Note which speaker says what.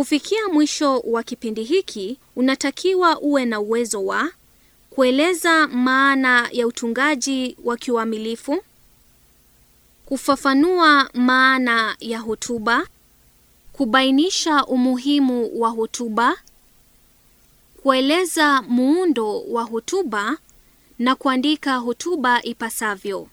Speaker 1: Kufikia mwisho wa kipindi hiki, unatakiwa uwe na uwezo wa kueleza maana ya utungaji wa kiuamilifu, kufafanua maana ya hotuba, kubainisha umuhimu wa hotuba, kueleza muundo wa hotuba na kuandika hotuba ipasavyo.